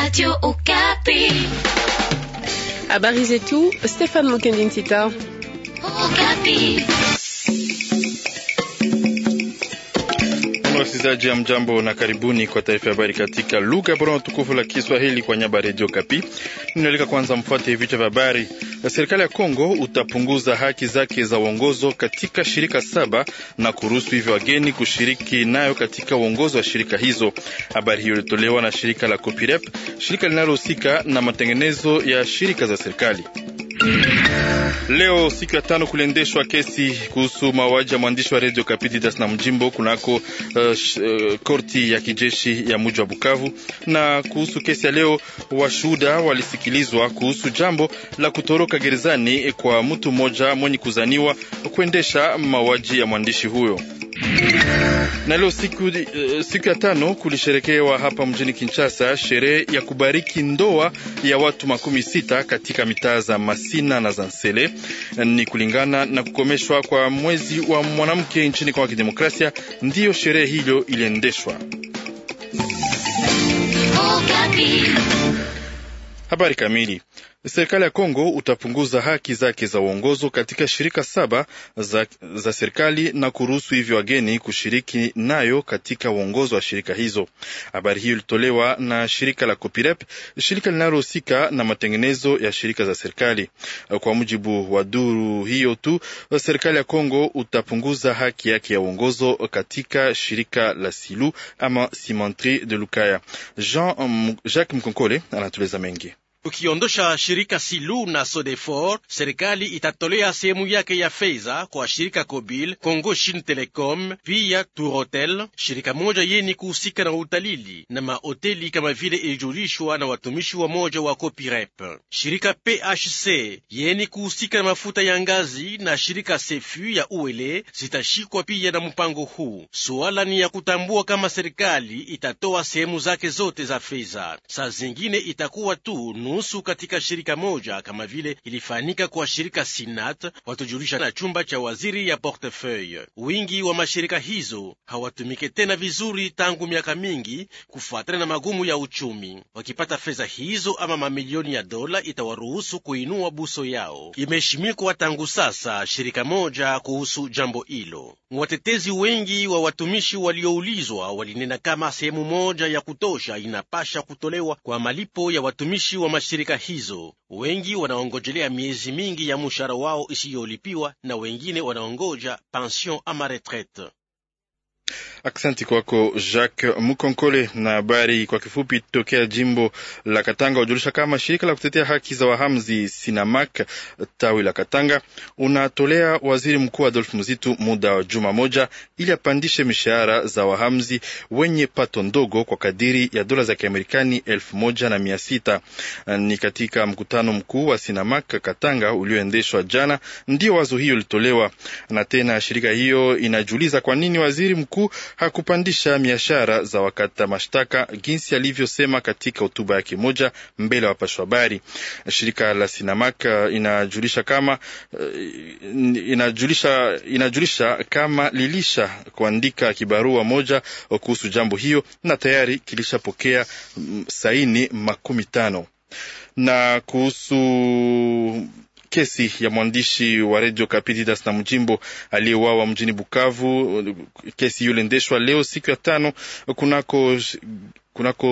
Radio Okapi. Habari zetu, Stefan Mukendintita. Okapi. wasikilizaji ya mjambo na karibuni kwa taarifa ya habari katika lugha bora na tukufu la Kiswahili kwa nyaba redio Kapi. Ninaalika kwanza mfuate vichwa vya habari. Serikali ya Kongo utapunguza haki zake za uongozo katika shirika saba na kuruhusu hivyo wageni kushiriki nayo katika uongozo wa shirika hizo. Habari hiyo ilitolewa na shirika la Copirep, shirika linalohusika na matengenezo ya shirika za serikali. Leo siku ya tano kuliendeshwa kesi kuhusu mauaji ya mwandishi wa redio Kapiti na Mjimbo kunako uh, sh, uh, korti ya kijeshi ya muji wa Bukavu. Na kuhusu kesi ya leo, washuhuda walisikilizwa kuhusu jambo la kutoroka gerezani kwa mtu mmoja mwenye kuzaniwa kuendesha mauaji ya mwandishi huyo. Na leo siku, uh, siku ya tano kulisherekewa hapa mjini Kinshasa sherehe ya kubariki ndoa ya watu makumi sita katika mitaa za Masina na Zansele. Ni kulingana na kukomeshwa kwa mwezi wa mwanamke nchini Kongo ya Kidemokrasia, ndiyo sherehe hiyo iliendeshwa. Oh, Habari kamili serikali ya Kongo utapunguza haki zake za uongozo katika shirika saba za, za serikali na kuruhusu hivyo wageni kushiriki nayo katika uongozo wa shirika hizo. Habari hiyo ilitolewa na shirika la Copirep, shirika linalohusika na matengenezo ya shirika za serikali. Kwa mujibu wa duru hiyo tu, serikali ya Kongo utapunguza haki yake ya uongozo katika shirika la Silu ama Cimenterie de Lukaya. Jean Jacques Mkonkole anatueleza mengi. Ukiondosha shirika Silu na Sodefor, serikali itatolea sehemu yake ya fedha kwa shirika Kobil, Congo Shin Telecom, pia Turotel, shirika moja yeni kuhusika na utalili na mahoteli, kama vile ilijulishwa na watumishi wa moja wa copirep Shirika PHC yeni kuhusika na mafuta ya ngazi na shirika Sefu ya Uele zitashikwa pia na mpango huu. Suala ni ya kutambua kama serikali itatoa sehemu zake zote za fedha, saa zingine itakuwa tu kunusu katika shirika moja kama vile ilifanyika kwa shirika Sinat, watujulisha na chumba cha waziri ya portefeuille. Wingi wa mashirika hizo hawatumike tena vizuri tangu miaka mingi kufuatana na magumu ya uchumi. Wakipata fedha hizo ama mamilioni ya dola, itawaruhusu kuinua buso yao. Imeheshimikwa tangu sasa shirika moja kuhusu jambo hilo. Watetezi wengi wa watumishi walioulizwa walinena kama sehemu moja ya kutosha inapasha kutolewa kwa malipo ya watumishi wa wa shirika hizo. Wengi wanaongojelea miezi mingi ya mshahara wao isiyolipiwa na wengine wanaongoja pension ama retraite. Aksanti kwako Jacques Mukonkole na habari kwa kifupi tokea jimbo la Katanga. Hujulisha kama shirika la kutetea haki za wahamzi Sinamak tawi la Katanga unatolea waziri mkuu Adolf Muzitu muda wa juma moja ili apandishe mishahara za wahamzi wenye pato ndogo kwa kadiri ya dola za Kiamerikani elfu moja na mia sita. Ni katika mkutano mkuu wa Sinamak Katanga ulioendeshwa jana, ndio wazo hiyo ilitolewa. Na tena shirika hiyo inajiuliza kwa nini waziri mkuu mkuu hakupandisha biashara za wakata mashtaka jinsi alivyosema katika hotuba yake moja mbele ya wapashwa habari. Shirika la Sinamak uh, inajulisha kama, uh, inajulisha, inajulisha kama lilisha kuandika kibarua moja kuhusu jambo hiyo na tayari kilishapokea mm, saini makumi tano na kuhusu kesi ya mwandishi wa redio Kapididas na mjimbo aliyeuawa mjini Bukavu, kesi hiyo iliendeshwa leo siku ya tano kunako kunako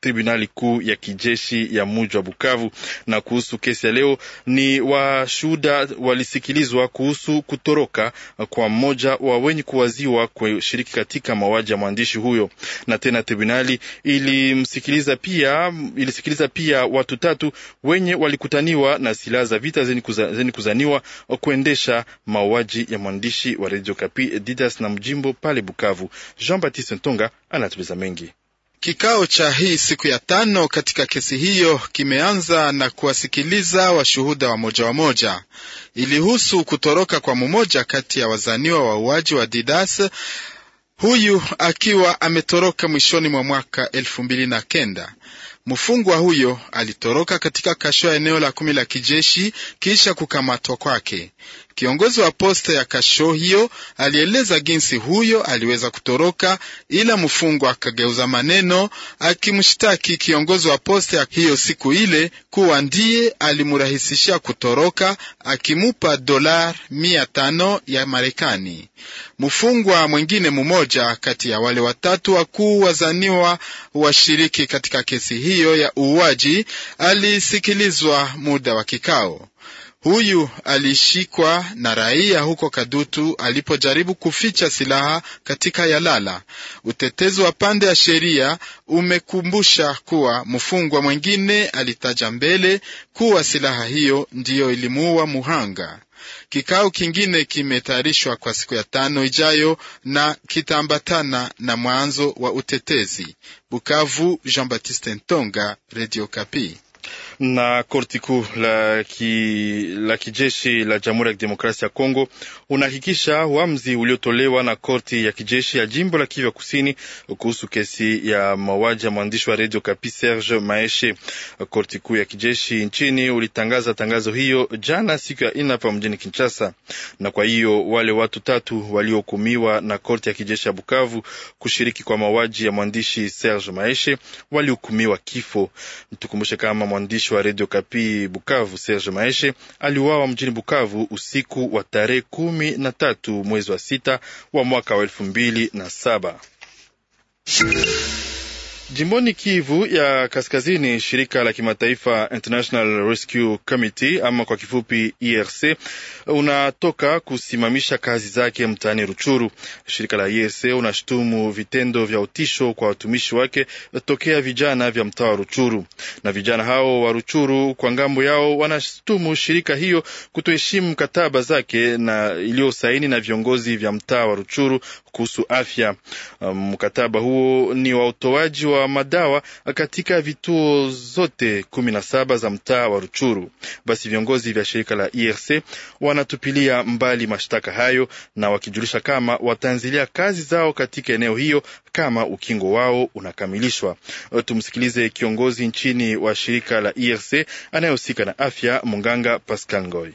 tribunali kuu ya kijeshi ya muji wa Bukavu. Na kuhusu kesi ya leo, ni washuhuda walisikilizwa kuhusu kutoroka kwa mmoja wa wenye kuwaziwa kushiriki katika mauaji ya mwandishi huyo, na tena tribunali ilimsikiliza pia, ilisikiliza pia watu tatu wenye walikutaniwa na silaha za vita zenye kuza, kuzaniwa kuendesha mauaji ya mwandishi wa redio Kapi Didas na Mjimbo pale Bukavu. Jean Baptiste Ntonga anatueleza mengi. Kikao cha hii siku ya tano katika kesi hiyo kimeanza na kuwasikiliza washuhuda wamoja wamoja. Ilihusu kutoroka kwa mmoja kati ya wazaniwa wa uaji wa Didas, huyu akiwa ametoroka mwishoni mwa mwaka elfu mbili na kenda. Mfungwa huyo alitoroka katika kasho ya eneo la kumi la kijeshi kisha kukamatwa kwake. Kiongozi wa posta ya kasho hiyo alieleza jinsi huyo aliweza kutoroka, ila mfungwa akageuza maneno akimshtaki kiongozi wa posta hiyo siku ile kuwa ndiye alimurahisishia kutoroka, akimupa dolar mia tano ya Marekani. Mfungwa mwingine mmoja kati ya wale watatu wakuu wazaniwa washiriki katika kesi hiyo ya uuaji alisikilizwa muda wa kikao. Huyu alishikwa na raia huko Kadutu alipojaribu kuficha silaha katika Yalala. Utetezi wa pande ya sheria umekumbusha kuwa mfungwa mwingine alitaja mbele kuwa silaha hiyo ndiyo ilimuua muhanga. Kikao kingine kimetayarishwa kwa siku ya tano ijayo na kitaambatana na mwanzo wa utetezi. Bukavu, Jean Baptiste Ntonga, Radio Kapi na korti kuu la, ki, la kijeshi la Jamhuri ya Kidemokrasia ya Kongo unahakikisha uamuzi uliotolewa na korti ya kijeshi ya jimbo la Kivu Kusini kuhusu kesi ya mauaji ya mwandishi wa redio Kapi Serge Maeshe. Korti kuu ya kijeshi nchini ulitangaza tangazo hiyo jana siku ya ine hapa mjini Kinshasa, na kwa hiyo wale watu tatu waliohukumiwa na korti ya kijeshi ya Bukavu kushiriki kwa mauaji ya mwandishi Serge Maeshe walihukumiwa kifo. Mtukumbushe kama mwandishi mwandishi wa redio Kapi Bukavu Serge Maeshe aliuawa mjini Bukavu usiku wa tarehe kumi na tatu mwezi wa sita wa mwaka wa elfu mbili na saba. Jimboni Kivu ya Kaskazini, shirika la kimataifa International Rescue Committee ama kwa kifupi IRC unatoka kusimamisha kazi zake mtaani Ruchuru. Shirika la IRC unashutumu vitendo vya utisho kwa watumishi wake tokea vijana vya mtaa wa Ruchuru, na vijana hao wa Ruchuru kwa ngambo yao wanashutumu shirika hiyo kutoheshimu mkataba zake na iliyosaini na viongozi vya mtaa wa Ruchuru kuhusu afya. Um, mkataba um, huo ni wa utoaji wa madawa katika vituo zote kumi na saba za mtaa wa Ruchuru. Basi viongozi vya shirika la IRC e wanatupilia mbali mashtaka hayo na wakijulisha kama wataanzilia kazi zao katika eneo hiyo kama ukingo wao unakamilishwa. Tumsikilize kiongozi nchini wa shirika la IRC e anayehusika na afya, Munganga Pascal Ngoi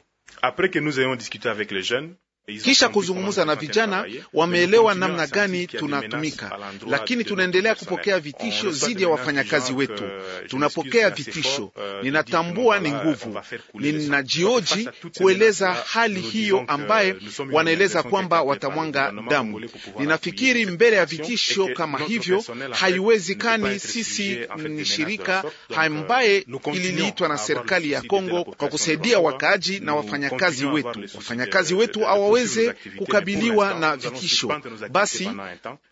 kisha kuzungumza na vijana, wameelewa namna gani tunatumika, lakini tunaendelea kupokea vitisho dhidi ya wafanyakazi wetu. Tunapokea vitisho, ninatambua ni nguvu, ninajioji kueleza hali hiyo ambaye wanaeleza kwamba watamwanga damu. Ninafikiri mbele ya vitisho kama hivyo haiwezekani. Sisi ni shirika ambaye ililiitwa na serikali ya Kongo kwa kusaidia wakaaji na wafanyakazi wetu, wafanyakazi wetu awa waweze kukabiliwa na vitisho Basi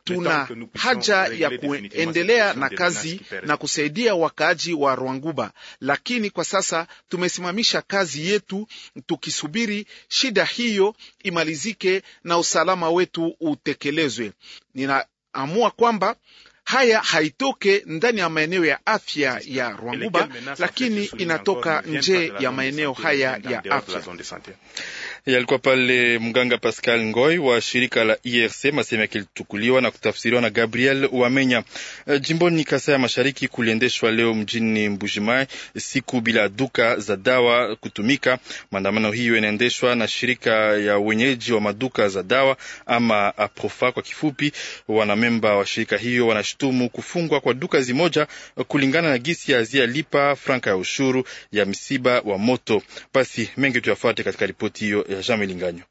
tuna haja ya kuendelea na kazi na kusaidia wakaaji wa Rwanguba, lakini kwa sasa tumesimamisha kazi yetu tukisubiri shida hiyo imalizike na usalama wetu utekelezwe. Ninaamua kwamba haya haitoke ndani ya maeneo ya afya ya Rwanguba, lakini inatoka nje ya maeneo haya ya afya. Yalikuwa pale mganga Pascal Ngoy wa shirika la IRC, masehemu yake na kutafsiriwa na Gabriel Wamenya. Eh, jimboni Kasai ya Mashariki kuliendeshwa leo mjini Mbujimai siku bila duka za dawa kutumika. Maandamano hiyo inaendeshwa na shirika ya wenyeji wa maduka za dawa ama APROFA kwa kifupi. Wanamemba wa shirika hiyo wanashutumu inashutumu kufungwa kwa duka zimoja eh, kulingana na gisi ya lipa franka ya ushuru ya msiba wa moto. Basi mengi tuyafuate katika ripoti hiyo ya Jean melinganyo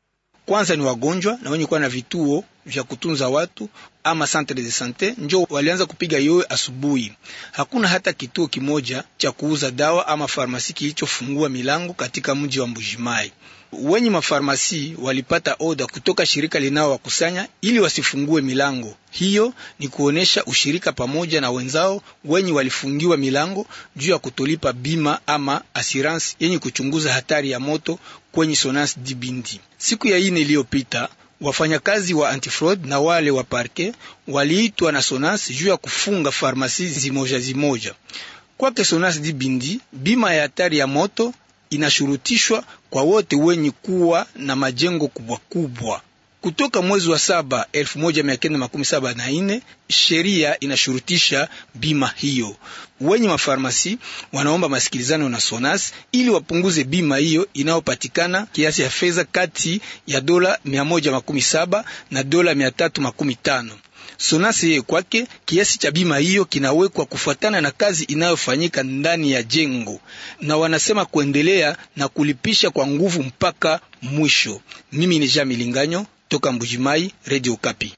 Kwanza ni wagonjwa na wenye kuwa na vituo vya kutunza watu ama centre de sante njo walianza kupiga yoyo asubuhi. Hakuna hata kituo kimoja cha kuuza dawa ama farmasi kilichofungua milango katika mji wa Mbujimai wenye mafarmasi walipata oda kutoka shirika linaowakusanya ili wasifungue milango hiyo. Ni kuonyesha ushirika pamoja na wenzao wenye walifungiwa milango juu ya kutolipa bima ama asiransi yenye kuchunguza hatari ya moto kwenye Sonas Dibindi. Siku ya ine iliyopita wafanyakazi wa antifraud na wale wa parke waliitwa na sonas juu ya kufunga farmasi zimoja zimoja kwake Sonas Dibindi. Bima ya hatari ya moto inashurutishwa kwa wote wenye kuwa na majengo kubwa kubwa. Kutoka mwezi wa saba elfu moja mia kenda makumi saba na nne sheria inashurutisha bima hiyo. Wenye mafarmasi wanaomba masikilizano na Sonas ili wapunguze bima hiyo inayopatikana kiasi ya fedha kati ya dola mia moja makumi saba na dola mia tatu makumi tano. Sonase kwake, kiasi cha bima hiyo kinawekwa kufuatana na kazi inayofanyika ndani ya jengo, na wanasema kuendelea na kulipisha kwa nguvu mpaka mwisho. Mimi ni Jean Milinganyo toka Mbujimai, Radio Kapi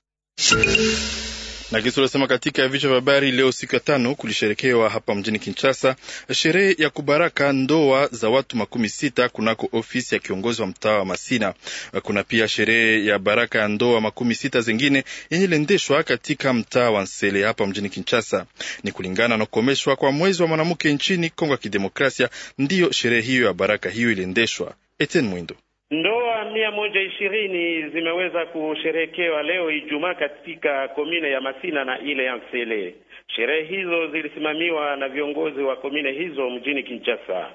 na gisi lilosema katika vichwa vya habari leo, siku ya tano, kulisherekewa hapa mjini Kinshasa sherehe ya kubaraka ndoa za watu makumi sita kunako ofisi ya kiongozi wa mtaa wa Masina. Kuna pia sherehe ya baraka ya ndoa makumi sita zingine yenye liendeshwa katika mtaa wa Nsele hapa mjini Kinshasa. Ni kulingana na kukomeshwa kwa mwezi wa mwanamke nchini Kongo ya Kidemokrasia, ndiyo sherehe hiyo ya baraka hiyo iliendeshwa. Etienne Mwindo Ndoa mia moja ishirini zimeweza kusherehekewa leo Ijumaa katika komine ya Masina na ile ya Nsele. Sherehe hizo zilisimamiwa na viongozi wa komine hizo mjini Kinshasa.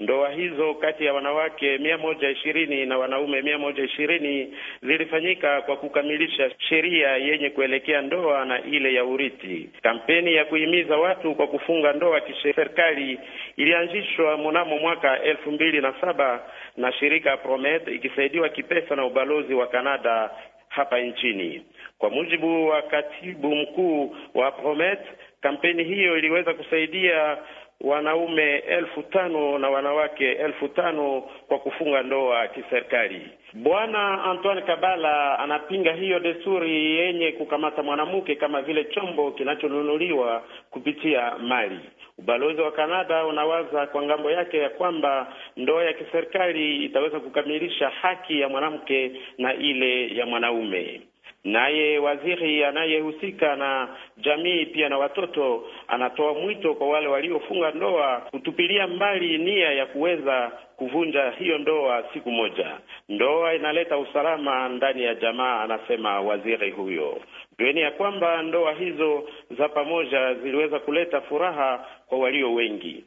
Ndoa hizo kati ya wanawake mia moja ishirini na wanaume mia moja ishirini zilifanyika kwa kukamilisha sheria yenye kuelekea ndoa na ile ya urithi. Kampeni ya kuhimiza watu kwa kufunga ndoa kiserikali ilianzishwa mnamo mwaka elfu mbili na saba na shirika Promet ikisaidiwa kipesa na ubalozi wa Kanada hapa nchini. Kwa mujibu wa katibu mkuu wa Promet, kampeni hiyo iliweza kusaidia wanaume elfu tano na wanawake elfu tano kwa kufunga ndoa kiserikali. Bwana Antoine Kabala anapinga hiyo desturi yenye kukamata mwanamke kama vile chombo kinachonunuliwa kupitia mali. Ubalozi wa Kanada unawaza kwa ngambo yake ya kwamba ndoa ya kiserikali itaweza kukamilisha haki ya mwanamke na ile ya mwanaume. Naye waziri anayehusika na jamii pia na watoto anatoa mwito kwa wale waliofunga ndoa kutupilia mbali nia ya kuweza kuvunja hiyo ndoa siku moja. Ndoa inaleta usalama ndani ya jamaa, anasema waziri huyo. Jueni ya kwamba ndoa hizo za pamoja ziliweza kuleta furaha kwa walio wengi.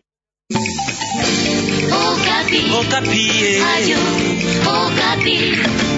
Okapi. Okapi. Okapi.